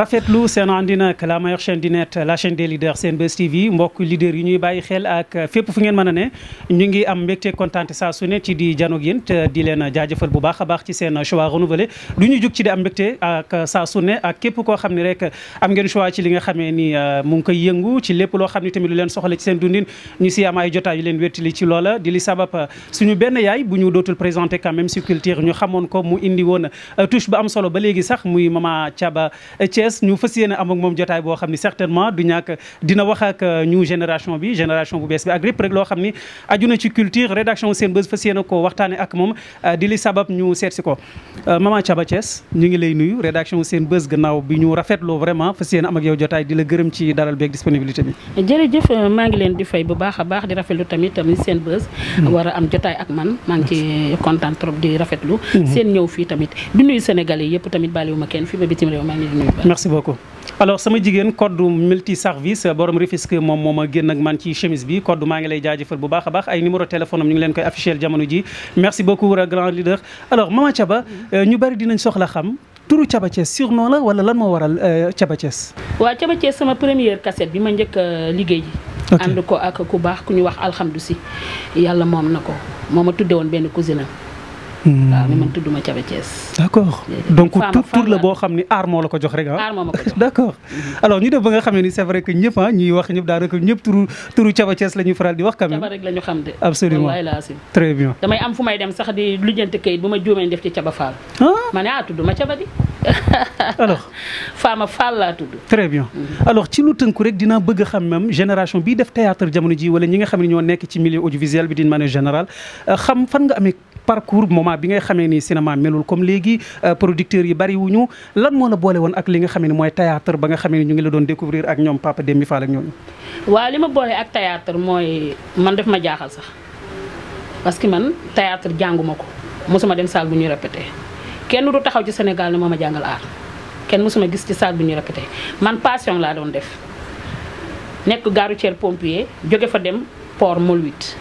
rafetlu seen àndina ak la meilleure chaîne du net la chaîne des leaders Senbuzz TV mbokk leader yi ñuy bàyyi xel ak fépp fu ngeen mën ne ñu ngi am mbégte kontaan saa su ci di janoog te di leen jaajëfal bu baax a baax ci seen choix renouvelé du ñu jug ci di am mbégte ak saa su ak képp koo xam ne rek am ngeen choix ci li nga xamee ni euh, mu ngi koy yëngu ci lépp loo xam ne tamit lu leen soxla ci seen dundin ñu si am ay jotaay yu leen wéttali ci loola di li sabab euh, suñu benn yaay bu ñu dootul présenté quand si culture ñu xamoon ko mu indi woon euh, touche bu Thiès ñu fas yéene am moom jotaay boo xam ni certainement du ñàkk dina wax ak euh, ñu génération bi génération bu bees bi ak lépp rek loo xam ni aju na ci culture rédaction Senbuzz fas yéene ko waxtaane ak moom euh, di li sabab ñu seet si ko euh, maman Thiaba Thiès ñu ngi lay nuyu rédaction bës gannaaw bi ñu rafetloo vraiment fas yéene am ak yow jotaay di la gërëm ci dalal beeg disponibilité bi jërëjëf maa ngi leen di fay bu baax a baax di rafetlu tamit tamit Senbuzz hmm. war a am jotaay ak man maa ngi ci kontaan trop di rafetlu hmm. seen ñëw fii tamit du nuyu sénégalais yëpp tamit bàyyiwuma kenn fii ba merci beaucoup alors sama jigéen code multi service borom Rufisque moom moom a génn ak man ci chemise bi code maa ngi lay jaajëfal bu baax a baax ay numéro téléphone am ñu ngi leen koy afficher jamono ji merci beaucoup grand leader alors Mama Thiaba euh, ñu bari dinañ soxla xam turu Thiaba Thiès la wala lan moo waral euh, Thiaba Thiès waaw Thiaba Thiès sama première cassette bi ma njëkk liggéey ji ànd ko ak ku baax ku ñu wax alhamdu si yàlla moom na ko moom a tudde woon benn cousine am Hmm. waaw mais man tudduma Cabe Thiès. d' accord donc tur tur la boo xam ni aar moo la ko jox rek ah. aar moo ma ko jox d' accord. Hmm. alors ñu def ba nga xamee ni c' est vrai que ñëpp ah ñuy wax ñëpp daanaka ñëpp turu turu Cabe Thiès la ñuy faral di wax. quand même Cabe rek la ñu xam de. absolument wallaay laa si. très bien damay am fu may dem sax di lujjanti kayit bu ma juumee def ci Caba Fall. Ah? ma ne ah tudduma Caba di. alors Fama Fall laa tudd. très bien hmm. alors ci lu tënku rek dinaa bëgg a xam même génération bii def théâtre jamono ji wala ñi nga xam ne ñoo nekk ci milieu audiovisuel bi d'une manière générale euh, xam fan nga amee parcours moment moment bi ngay xamee ni cinéma melul comme léegi euh, producteurs yi bari lan moo la boole woon ak li nga xamee ni mooy théâtre ba nga xamee ni ñu ngi la doon découvrir ak ñoom Papa Demba Fall ak ñooñu. waaw li ma boole ak théâtre mooy man def ma jaaxal sax parce que man théâtre jànguma ko mosuma dem salle bu ñuy répété kenn du taxaw ci Sénégal ne moom a jàngal aar kenn mësuma gis ci salle bu ñuy répété man passion laa doon def nekk gaaru ceer pompier jóge fa dem port Moulwit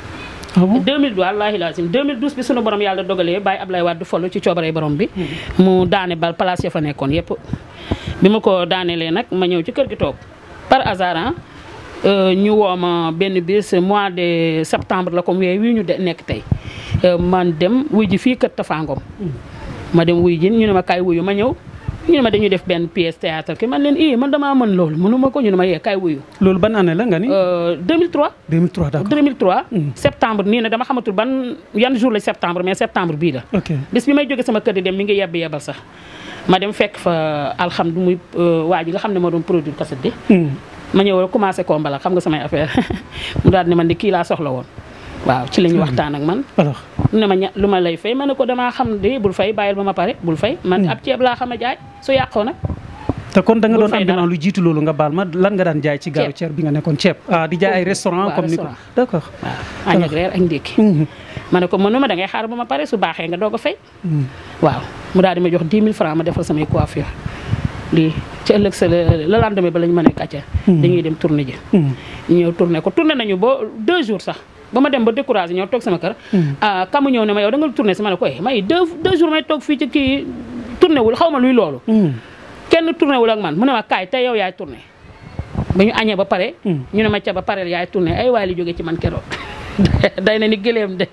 2000 ah wallaahi laasim 2012 bi sunu borom yàlla dogalee bàyyi Ablaye Wade folu ci coobaree borom bi hmm. mu daane ba place ya fa nekkoon yépp bi ma ko daanelee nag ma ñëw ci kër gi toog par hasard ah, euh, ñu woo ma benn bis mois de septembre la comme weer wii ñu nekk tey euh, man dem wuy ji fii kër Tafangom hmm. ma dem wuy ji ñu ne ma kaay wuyu ma ñëw ñu ne ma dañuy def benn pièce théâtre ki man leen i man damaa mën loolu mënuma ko ñu ne ma yee kaay wuyu. loolu ban année la nga ni. 2003. Euh, 2003 d'accord 2003. Hmm. septembre nii na dama xamatul ban yan jour la septembre mais septembre bii la. ok bis bi may jógee sama kër di dem mi ngi yebbi yebal sax ma dem fekk fa alhamdulilah muy euh, waa ji nga xam ne moo doon produire cassette bi. Hmm. ma ñëw rek commencé ko mbala xam nga samay affaire mu daal ne kii laa soxla woon. waaw ci la ñu hmm. waxtaan ak man. ne ma ña lu ma lay fay ma ne ko damaa xam de bul fay bàyyil ba ma pare bul fay. man hmm. ab ceeb laa xam a jaay su yàqoo nag. te kon da nga doon am demande lu jiitu loolu nga baal ma lan nga daan jaay ci gaaru ceeb bi nga nekkoon ceeb. ah di jaay ay restaurant comme ni ko d' accord. waaw añ ak hmm. ma ne ko mënuma da ngay xaar ba ma pare su baaxee nga doog a fay. waaw mu daal di ma jox 10 000 francs ma defal samay coiffure. lii ci ëllëg sa la lendemain ba lañ mën a kàcce. dañuy dem tourner ji. ñëw tourner ko tourner nañu ba 2 jours sax. ba ma dem ba découragé ñëw toog sama kër. Hmm. Ah, kamu ñëw ne ma yow da nga tourné sama ne ko eh, may deux deux jours may toog fii ci kii tourné wul xaw ma luy loolu. Hmm. kenn tourné wul ak man mu ne ma kaay tey yow yaay tourné. ba ñu añee ba pare. Hmm. ñu ne ma ca ba pare yaay tourné ay waay li jógee ci man keroog day na ni gëléem de.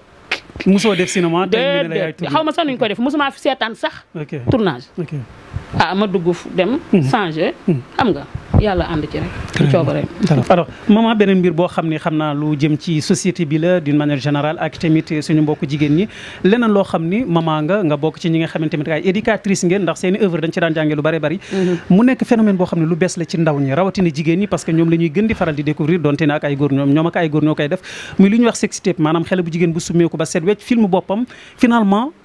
musoo def cinéma tey ñu xaw ma sax nuñ koy def musuma fi seetaan sax. tournage. ah ma dugg dem. changé xam nga. yàlla ànd ci rek. ci coobareem alors beneen mbir boo xam ne xam naa lu jëm ci société bi d'une manière générale ak suñu mbokku jigéen ñi leneen loo xam ni maman nga nga bokk ci ñi nga xamante ne ay éducatrice ngeen ndax seen i œuvre dañ ci daan jàngee lu bari bari. Mm-hmm. mu nekk phénomène boo xam ne lu bees la ci ndaw ñi rawatina jigéen ñi parce que ñoom la ñuy gën di faral di découvrir donte ne ak ay góor ñoom ñoom ak ay góor ñoo koy def muy lu ñuy wax sex tape maanaam xale bu jigéen bu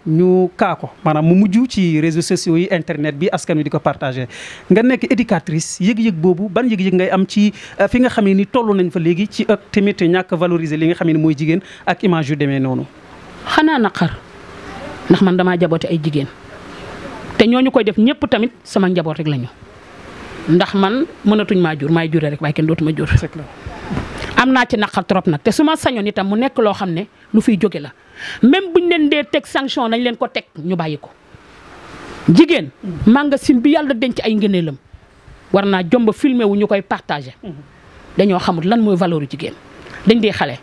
ñu kaako ko maanaam mu mujj ci réseaux sociaux yi internet bi askan wi di ko partager nga nekk éducatrice yëg-yëg boobu ban yëg-yëg ngay am ci euh, fi nga xamee ni toll nañ fa léegi ci ak tamit ñàkk valoriser li nga xam ne mooy jigéen ak image yu demee noonu. xanaa naqar ndax man damaa jaboote ay jigéen te ñooñu koy def ñëpp tamit sama njaboot rek lañu ndax man mënatuñ maa jur maay jure rek waaye kenn dootuma jur. am naa ci naqar trop nag te su ma sañoon itam mu nekk loo xam ne lu fiy jóge la même buñ leen dee teg sanction nañ leen ko teg ñu bàyyi ko jigéen magasin bi yàlla denc ay ngëneelam war naa jomba filmer wu ñu koy partagé dañoo xamul lan mooy valeur jigéen dañ dee xale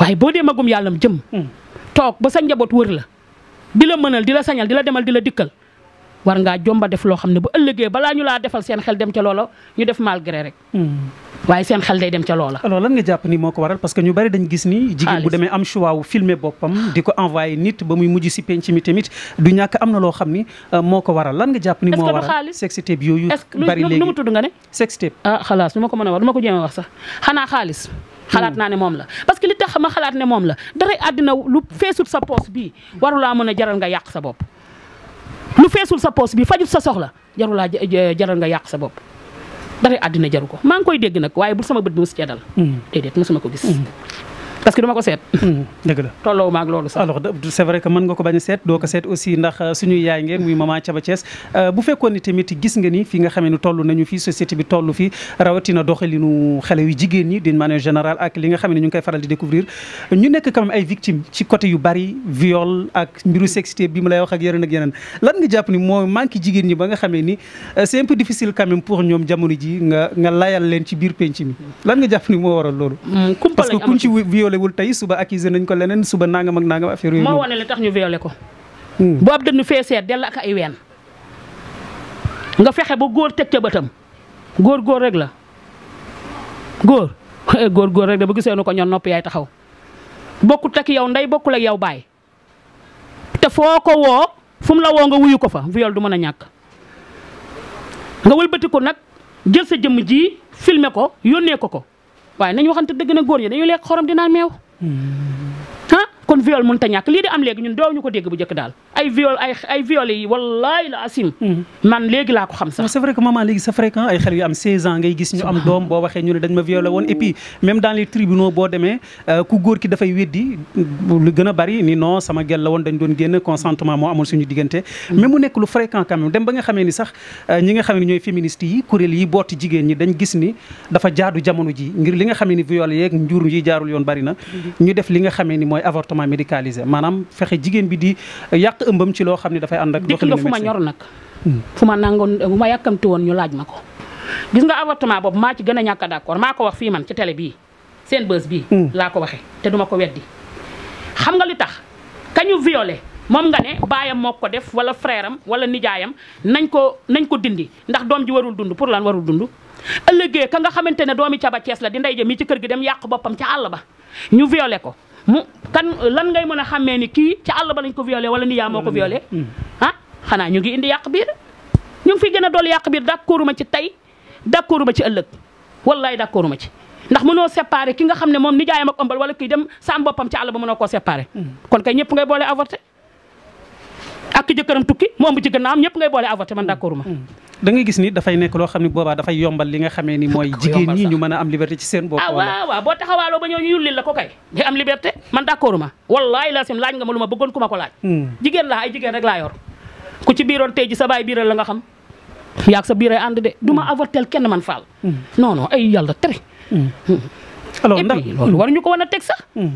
waaye boo dee magum yàllam jëm hmm. toog ba sa njaboot wër la di la mënal di la sañal di la demal di la dikkal war ngaa jomba def loo xam ne bu ëllëgee balaa ñu laa defal seen xel dem ca loola ñu def malgré rek. Hmm. waaye seen xel day dem ca loola. alors lan nga jàpp ni moo ko waral parce que ñu bari dañ gis ni. jigéen bu demee am choix wu di ko envoyé nit muy mujj si penc mi tamit du ñàkk am na loo xam ni euh, moo ko waral lan nga jàpp ni. moo waral sextape yooyu. bari léegi est ce que lu mu tudd nga ne. sextape ah xalaas lu ma ko mën a wax lu ma a wax sax xanaa xaalis. xalaat naa ne moom la parce que li tax ma xalaat ne moom la daray àddina lu feesut sa poos bii warulaa mën a jaral nga yàq sa bopp lu feesul sa poos bi fajul sa soxla jarulaa jaral nga yàq sa bopp dara addina jaru ko maa ngi koy dégg nag waaye bu sama bët bi mos cee dal mm. déedéet mosuma ko gis mm. parce que duma ko seet. Hmm, dëgg la tolloo ma ak loolu sax. alors c'est vrai que mën nga ko bañ a seet doo ko seet aussi ndax euh, suñuy yaay ngeen muy maman Thiaba euh, bu fekkoon ni tamit gis nga ni fi nga xamee ni toll nañu fii société bi toll fii rawatina doxalinu xale yu jigéen ñi d'une manière générale ak li nga xam ne ñu koy faral di découvrir ñu nekk quand même ay victimes ci côté yu bari viol ak mbiru sexualité bi mu lay wax ak yeneen ak yeneen lan nga jàpp ni moo manqué jigéen ñi ba nga xamee ni euh, c'est un difficile quand pour ñoom jamono ji nga nga layal leen ci biir penc mi lan nga jàpp ni moo waral loolu hmm, violé tey suba accusé nañ ko leneen suba nangam ak nangam affaire yooyu. moo wane li tax ñu violé ko. Hmm. bu ab dënnu feeseer dell ak ay ween. nga fexe ba góor teg ca bëtam góor góor rek la góor góor góor rek la bu gisee nu ko ñoon noppi yaay taxaw bokkut ak yow ndey bokkul ak yow baay te foo ko woo fu la woo nga wuyu ko fa viol du mën a ñàkk. nga wëlbati nag jël sa jëmm ji filmer ko yónnee ko ko waaye nañu waxante dëgg na góor ñi dañu lekk xorom dinaa meew. Hmm. ah kon viol mënut a ñàkk lii di am léegi ñun doo ñu ko dégg bu jëkk daal. ay viole ay ay viol yi wallaahi la asim mm-hmm. man léegi laa ko xam sax. c'est vrai que maman léegi c'est fréquent ay xel yu am 16 ans ngay gis ñu am doom boo waxee ñu ne dañ ma violé woon et puis même dans les tribunaux boo demee euh, gën a bari ni non sama gel la woon dañ doon génn consentement moo amoon suñu diggante. Mm-hmm. mais mu nekk lu fréquent quand même dem ni sax euh, ñi nga xamee ni ñooy féministes yi kuréel yi booti jigéen ñi dañ gis ni dafa jaadu jamono ji ngir li nga xamee ni viol yeeg njur yi jaarul yoon bari mm-hmm. ñu def li nga xame ni mooy avortement médicalisé maanaam fexe jigéen bi di yàq gàtt ëmbam ci loo xam ne dafay ànd ak. dikk nga fu ma ñor nag. Hmm. fu ma nangoon bu ma yàkkamti woon ñu laaj ma ko. gis nga avortement boobu maa ci gën a ñàkk d'accord maa ko wax fii man ci télé bii seen bës bii. Hmm. laa ko waxee te duma ko weddi. xam nga li tax kañu viole moom nga ne baayam moo ko def wala frère am wala nijaayam nañ ko nañ ko dindi ndax doom ji warul dund pour lan warul dund. ëllëgee ka nga xamante ne doomi caba Cees la di ndey ja mi ci kër gi dem yàq boppam ca àll ba ñu violé ko mu kan lan ngay na a mee ni kii ci àll ba lañ ko violé wala ni yaa moo ko mm. Mm. ah xanaa ñu ngi indi yàq biir ñu ngi fi gën a dool yàq biir d'accordu ma ci tey d'accordu ma ci ëllëg wallaay d'accordu ma ci ndax mënoo séparé ki nga xam ne moom nijaayam ak ëmbal wala kii dem saam boppam ci àll ba mënoo koo séparé mm. kon kay ñëpp ngay boole avorté ak ki jëkkëram tukki mu ëmb ci gànnaawam ñëpp ngay boole avorté man d'accord ma mm. da ngay gis ni dafay nekk loo xam ne boobaa dafay yombal li nga xamee ni mooy jigéen ñi ñu mën a am liberté ci seen bopp ah boo taxawaaloo la ko kay day am la sim laaj nga ma lu ma bëggoon loolu war ñu ko wan a teg sax mm.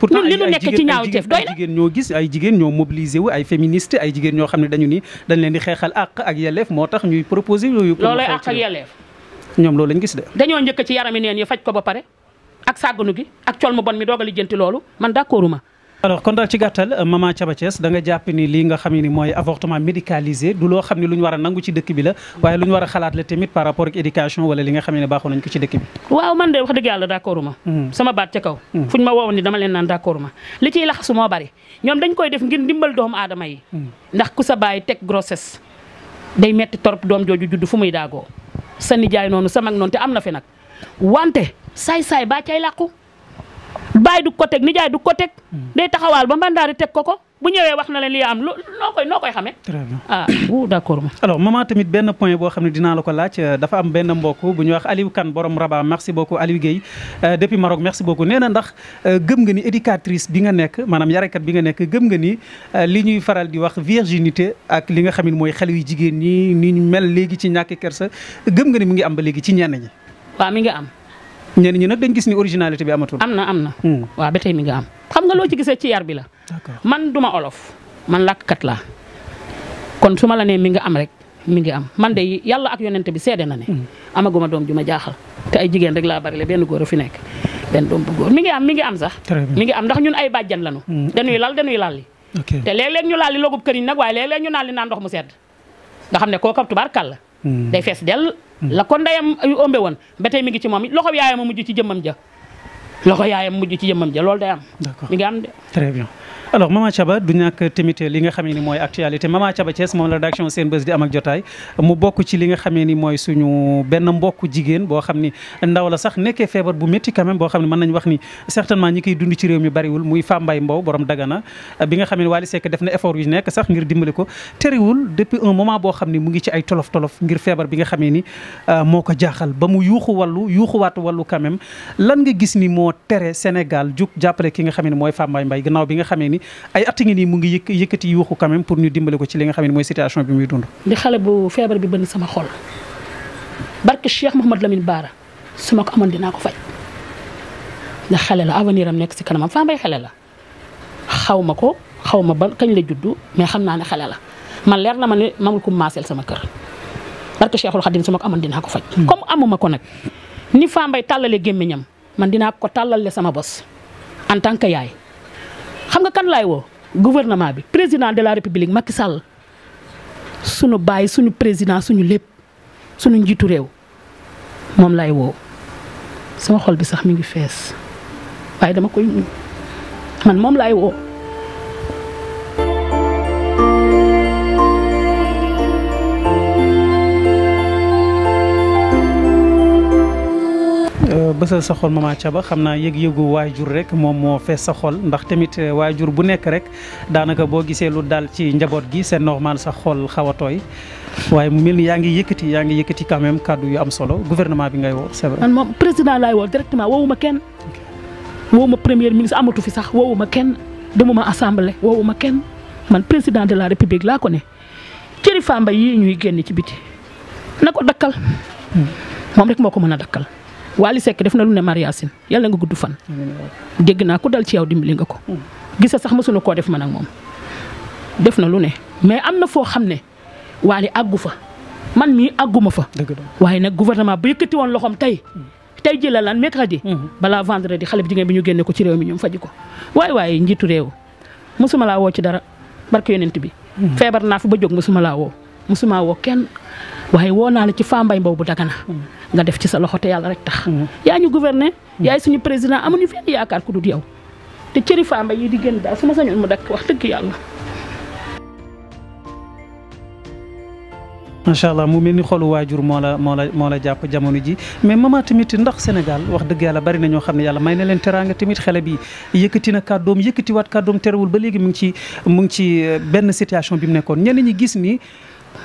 pourtant li nu nekk ci ñaaw jigéen ñoo gis ay jigéen ñoo mobilisé wu ay féministe ay jigéen ñoo xam ne dañu ni dañ leen di xeexal àq ak yelleef moo tax ñuy proposé yooyu loolay àq ak yelleef ñoom loolu lañ gis de dañoo njëkk ci yaram yarami neen yi faj ko ba pare ak sàgganu gi ak col bon mi doog a lijjanti loolu man d'accorduma alors kon daal ci gàttal euh, maman Thiaba Thiès jàpp ni lii nga xam mooy avortement médicalisé du loo xam ne lu ñu a nangu ci dëkk bi la waaye lu ñu a xalaat la tamit par rapport ak éducation wala li nga xam baaxoo nañ ko ci dëkk bi waaw man de wax dëgg yàlla d' ma hmm. sama baat ca kaw hmm. fu ma woowoon dama leen naan d' accord ma li ciy laxasu moo bari ñoom dañ koy def ngir ndimbal doomu aadama yi hmm. ndax ku sa bàyyi teg day metti torop doom jooju judd fu muy daagoo sa nijaay noonu sa mag am na fi nag bàyyi du ko teg nijaay du ko teg. Hmm. day taxawaal ba mbandaari teg ko ko bu ñëwee wax na la li am lu noo koy noo koy xamee. très bien ah wuu alors maman tamit benn point boo xam ne dinaa la ko laaj euh, dafa am benn mbokk bu ñuy wax Aliou Kane borom Rabat merci beaucoup Aliou Guèye euh, depuis Maroc merci beaucoup nee na ndax euh, gëm nga ni éducatrice bi nga nekk maanaam yarekat bi nga nekk gëm nga ni li ñuy faral di wax virginité ak li nga xam ne mooy xale yu jigéen ñi ni ñu mel léegi ci ñàkk kersa gëm ni mu ngi am ba léegi ci ñenn ñi. waaw mi ngi am. ñenn ñi nag dañ gis ni originalité bi amatul. am na am na. Hmm. waa ba tey mi nga am xam nga loo ci gisee ci yar bi la. man duma olof man làkkat laa kon su ma la nee mi nga am rek mi ngi am man de yàlla ak yonent bi seede na ne. Hmm. amaguma doom ju ma jaaxal te ay jigéen rek laa bari la benn góor fi nekk benn doom mi ngi am mi ngi am sax. mi ngi am ndax ñun ay bàjjan lañu. Hmm. dañuy lal dañuy lalli. te léeg-léeg ñu lalli logub këriñ nag waaye léeg-léeg ñu lalli naan ndox mu sedd nga xam ne kooku la Mm. day fees dell mm. la kon ndeyam yu ëmbe woon ba mi ngi ci moom loxo yaayam a mujj ci jëmmam ja loxo yaayam mujj ci jëmmam ja loolu day am mi ngi am de alors Mama Thiaba du ñàkk tamit li nga xamee ni mooy actualité Mama Thiaba Thiès moom la rédaction Senbuzz di am ak jotaay mu bokk ci li nga xamee ni mooy suñu benn mbokk jigéen boo xam ni ndaw la sax nekkee feebar bu métti quand boo xam ne mën nañu wax ni certainement ñi koy dund ci réew mi bariwul muy Fambaye Mbow borom Dagana bi nga xam ne Wally def na effort yu nekk sax ngir dimbali ko terewul depuis un moment boo xam ni mu ngi ci ay tolof tolof ngir feebar bi nga xamee ni euh, moo ko jaaxal ba mu yuuxu wallu yuuxuwaat wàllu quand même lan nga gis ni moo tere Sénégal jug jàppale ki nga xamee ni mooy Fambaye Mbaye gannaaw bi nga xamee ni ay at ngi nii mu ngi yëkk yëkkati yuuxu quand même pour ñu dimbale ko ci li nga xam ne mooy situation bi muy dund. di xale bu feebar bi bënn sama xol barke Cheikh Mouhamad Lamine Baara su ma ko amoon dinaa ko faj ndax la avenir am nekk si kanamam faa mbay xale la xaw ma ko xaw ma ban kañ la juddu mais xam naa ne xale la man leer na ma ne mamul ku maaseel sama kër barke Cheikhul Khadim su ma ko dinaa ko faj. Hmm. comme amuma ko nag ni faa mbay tàllalee gémmiñam man dinaa ko tàllale sama bos en tant que yaay xam nga kan laay woo gouvernement bi président de la république Macky Sall sunu baay suñu président suñu lépp suñu njiitu réew moom laay woo sama xol bi sax mi ngi fees waaye dama koy man moom lay woo. bësal sa xol maman Thiaba xam naa yëg-yëgu waajur rek moom moo fees sa xol ndax tamit euh, waajur bu nekk rek daanaka boo gisee lu daal ci njaboot gi seen normal sa xol xaw a tooy waaye mu mel ni yaa ngi yëkkati yaa ngi yëkkati quand même kàddu yu am solo gouvernement bi ngay woo c'est vrai. man moom président laay woo directement woowuma kenn woowuma premier ministre amatu fi sax woowuma kenn demu demuma assemblée woowuma kenn man président de la république laa ko ne cëri Famba yii ñuy génn ci biti na ko dakkal hmm. moom rek moo ko mën a dakkal. Wally Seck def na lu ne Mariasine yàlla nga gudd fan. dégg naa ku dal ci yow dimbali nga ko. gisa sax mësuna koo def man ak moom def na lu ne mais am na foo xam ne Wally àggu fa man mii àgguma fa. waaye nag gouvernement bu yëkkati woon loxoom tey. Mm. tey jii la lan mercredi. Mm-hmm. balaa vendredi xale bi jigéen bi ñu génne ko ci réew mi ñoom faji ko waaye waaye njiitu réew mosuma laa woo ci dara barke yonent bi. Mm-hmm. feebar naa fi ba jóg mosuma laa woo woo kenn. waaye woo naa la ci Fambaye Mbow bu Dagana nga def ci sa loxo te yàlla rek tax mm. yaa ñu gouverner mm. yaay suñu président amuñu fenn yaakaar ku dul yow te cëri Fambaye yi di génn daal su ma sañoon mu dakk wax dëgg yàlla macha allah mu mel ni xolu waajur moo la moo la moo la jàpp jamono ji mais maman tamit ndax Sénégal wax dëgg yàlla bari na ñoo xam ne yàlla may na leen teraanga tamit xale bi yëkkati na kàddoom yëkkati waat kàddoom terewul ba léegi mu ngi ci mu ngi ci euh, benn situation bi mu nekkoon ñenn ñi gis nii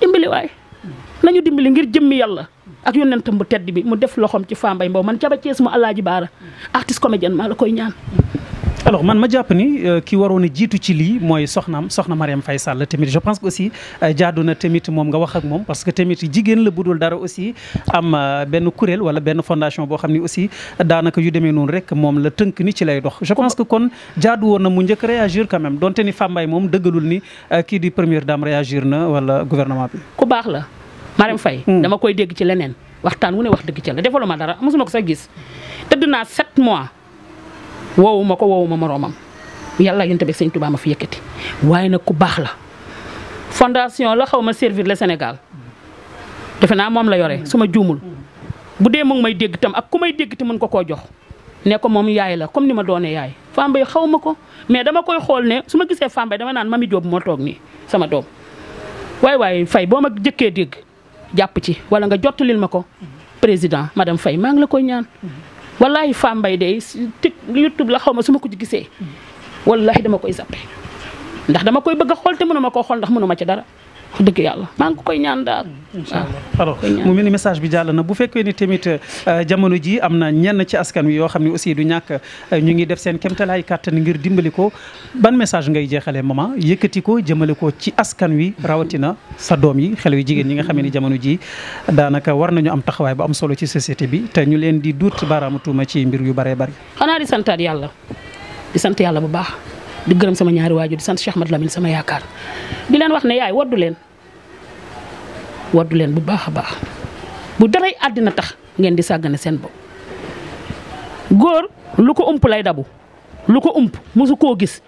dimbali waay nañu dimbali ngir jëmmi yàlla ak yonentam bu tedd bi mu def loxoom ci Fambaye Mbow man Caba Cees mu Alaaji Baara artiste comédien maa la koy ñaan alors man ma jàpp ni euh, ki waroon a jiitu ci lii mooy soxna soxna Marième Faye Sall tamit je pense que aussi euh, jaadu na tamit moom nga wax ak moom parce que tamit jigéen la budul dara aussi am euh, benn kuréel wala benn fondation boo xam ni aussi daanaka yu demee noonu rek moom la tënk ni ci lay dox. je pense que kon jaadu woon na mu njëkk réagir quand même donte ni Fambaye moom dëggalul ni kii di première dame réagir na wala gouvernement bi. ku baax la Marième fay hmm. dama koy dégg ci leneen waxtaan wu ne wax dëgg ci la defaluma dara mosuma ko sax gis tëdd naa 7 mois. woowu ma ko woowu ma moroomam yàlla yonent bi sëñ Tuubaa ma fi yëkkati waaye nag ku baax la fondation la xaw ma servir le Sénégal defe naa moom la yore su ma juumul bu dee mu may dégg tam ak ku may dégg te mën ko koo jox ne ko moom yaay la comme ni ma doonee yaay Fambaye xaw ma ko mais dama koy xool ne su ma gisee Fambaye dama naan ma mami Diop moo toog nii sama doom waaye waaye fay boo mag jëkkee dégg jàpp ci wala nga jottalil ma ko président madame Faye maa ngi wallahi Fambaye day tik youtube la xaw ma su ma ko ci gisee wallahi dama koy zappe ndax dama koy bëgg xool te mun ma koo xool ndax ma ci dara wax dëgg yàlla maa ngi koy ñaan daal. incha mu mel ni message bi jàll na bu fekkee ni tamit euh, jamono ji am na ñenn ci askan wi yoo xam ne aussi du ñàkk euh, ñu ngi def seen kéemtalaay kàttan ngir dimbali ko ban message ngay jeexalee maman yëkkati ko jëmale ko ci askan wi rawatina sa doom yi xale yu jigéen ñi nga xame ne jamono ji daanaka war nañu am taxawaay bu am solo ci société bi te ñu leen di duut baaraamu tuuma ci mbir yu bëree bëri. xanaa di santaat yàlla di sant yàlla bu baax. di gërëm sama ñaari waajur di sant Cheikh Ahmad Lamine sama yaakaar di leen wax ne yaay waddu leen waddu leen bu baax a baax bu daray àddina tax ngeen di sàggane seen bopp góor lu ko ump lay dabu lu ko ump mosu koo gis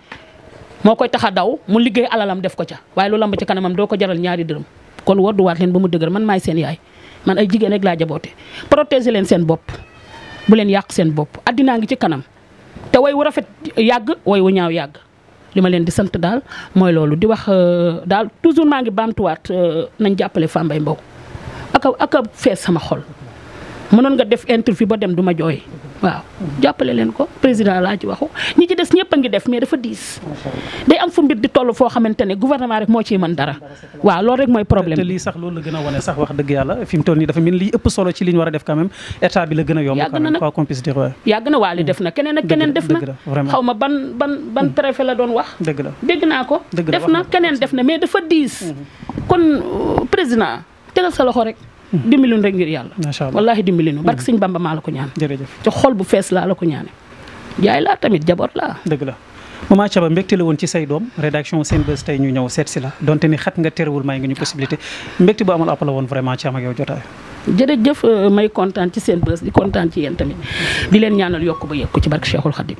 moo koy tax a daw mu liggéey alalam def ko ca waaye lu lamb ci kanamam doo ko jaral ñaari dërëm kon wadduwaat leen ba mu dëgër man maay seen yaay man ay jigéen rek laa jaboote protéger leen seen bopp bu leen yàq seen bopp àddinaa ngi ci kanam te way wu rafet yàgg way ñaaw yàgg li ma leen di sant daal mooy loolu di wax euh, daal toujours maa ngi baamtuwaat euh, nañ jàppale Fambaye Mbow ak a ak a fees sama xol mënoon nga def interview ba dem du ma jooy waaw jàppale leen ko président laa ci waxu ñi ci des ñëpp ngi def mais dafa diis. day am fu mbir di toll foo xamante ne gouvernement rek moo ci mën dara. waaw loolu rek mooy problème te lii sax loolu la gën a wane wax dëgg yàlla fi mu toll nii dafa mel lii ëpp solo a def quand même état bi la gën a yomb. yàgg na nag quoi na waali def na keneen ak keneen def na. xaw ban ban hmm. la doon wax. dëgg la dégg naa ko. def na keneen def na mais dafa diis. Hmm. kon euh, président tegal sa loxo rek. dimbali nu rek ngir yàlla. macha allah wallaahi dimbali nu barke mm-hmm. sëñ Bamba maa la ko ñaan. jërëjëf ci xol bu fees laa la ko ñaane. jaay laa tamit jaboot laa. dëgg la maman Thiaba la woon ci say doom rédaction Senbuzz tey ñu ñëw seet si la donte ni xat nga terewul may nga ñu possibilité mbégte bu amal app la woon vraiment ci am ak yow jotaay. jërëjëf euh, may kontaan ci Senbuzz di kontaan ci yéen tamit di leen ñaanal yokk ba yëg ko ci barke Cheikhul Khadim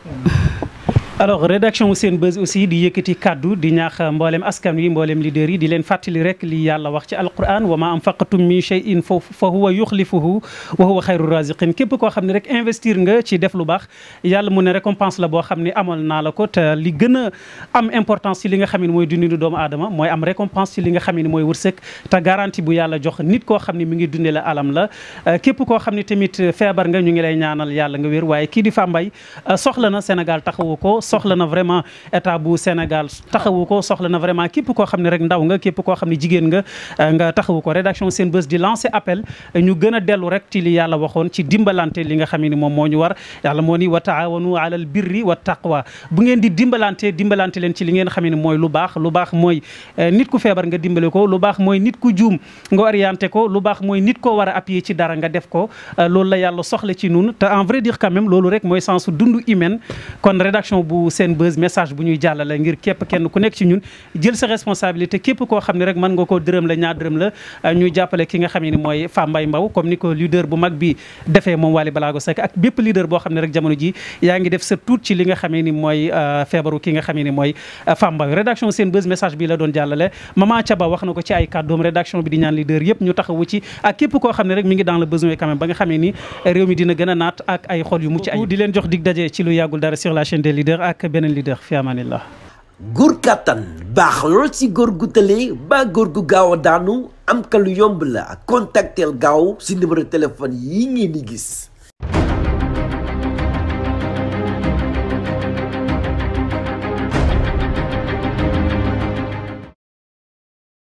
alors rédaction Senbuzz aussi di yëkkati kàddu di ñaax mboolem askan wi mboolem leader yi di leen fàttali rek li yàlla wax ci alquran wa ma anfaqtum min shay'in fa huwa yuxlifuhu wa huwa xayru raziqin képp koo xam ne rek investir nga ci def lu baax yàlla mu ne récompense la boo xam ne amoon naa la ko te li gën a am importance ci li nga xam ne mooy dundu doomu aadama mooy am récompence ci li nga xam ne mooy wërsëg te garantie bu yàlla jox nit koo xam ne mi ngi dundee la alam la euh, képp koo xam ne tamit feebar nga ñu ngi lay ñaanal yàlla nga wér waaye kii di Fambaye euh, soxla na Sénégal taxawu ko soxla na vraiment état bu Sénégal taxawu ko soxla na vraiment képp koo xam ne rek ndaw nga képp koo xam ne jigéen nga euh, nga taxawu ko rédaction seen bés di lancer appel ñu gën a dellu rek ci li yàlla waxoon ci dimbalante li nga xam ne moom moo ñu war yàlla moo ni wa taawanu alal birri wa taqwa bu ngeen di dimbalante dimbalante leen ci li ngeen xam ne mooy lu baax lu baax mooy euh, nit ku feebar nga dimbale ko lu baax mooy nit ku juum nga orienté ko lu baax mooy nit koo war a appuyer ci dara nga def ko euh, loolu la yàlla soxla ci nun te en vrai dire quand même loolu rek mooy sensu dundu humaine kon rédaction bu bu seen buzz message bu ñuy jàllale ngir képp kenn ku nekk ci ñun jël sa responsabilité képp koo xam ne rek mën nga koo dërëm la ñaar la euh, ñuy jàppale ki nga xam ni mooy Fambaye Mbaw comme ni ko leader bu mag bi defee moom Waly Balago ak bépp leader boo xam ne rek jamono ji yaa ngi def sa ci li nga xamee ni mooy euh, feebaru ki nga xamee ni mooy euh, Fambaye rédaction seen buzz message bi la doon jàllale Maman Thiaba wax na ko ci ay kàddoom rédaction a ak beneen leader fi amaanillah góor kàttan baax lool si góor gu tëlee ba góor gu gaaw a daanu am ka lu yomb la contactel gaaw si numéro téléphone yi ngeen di gis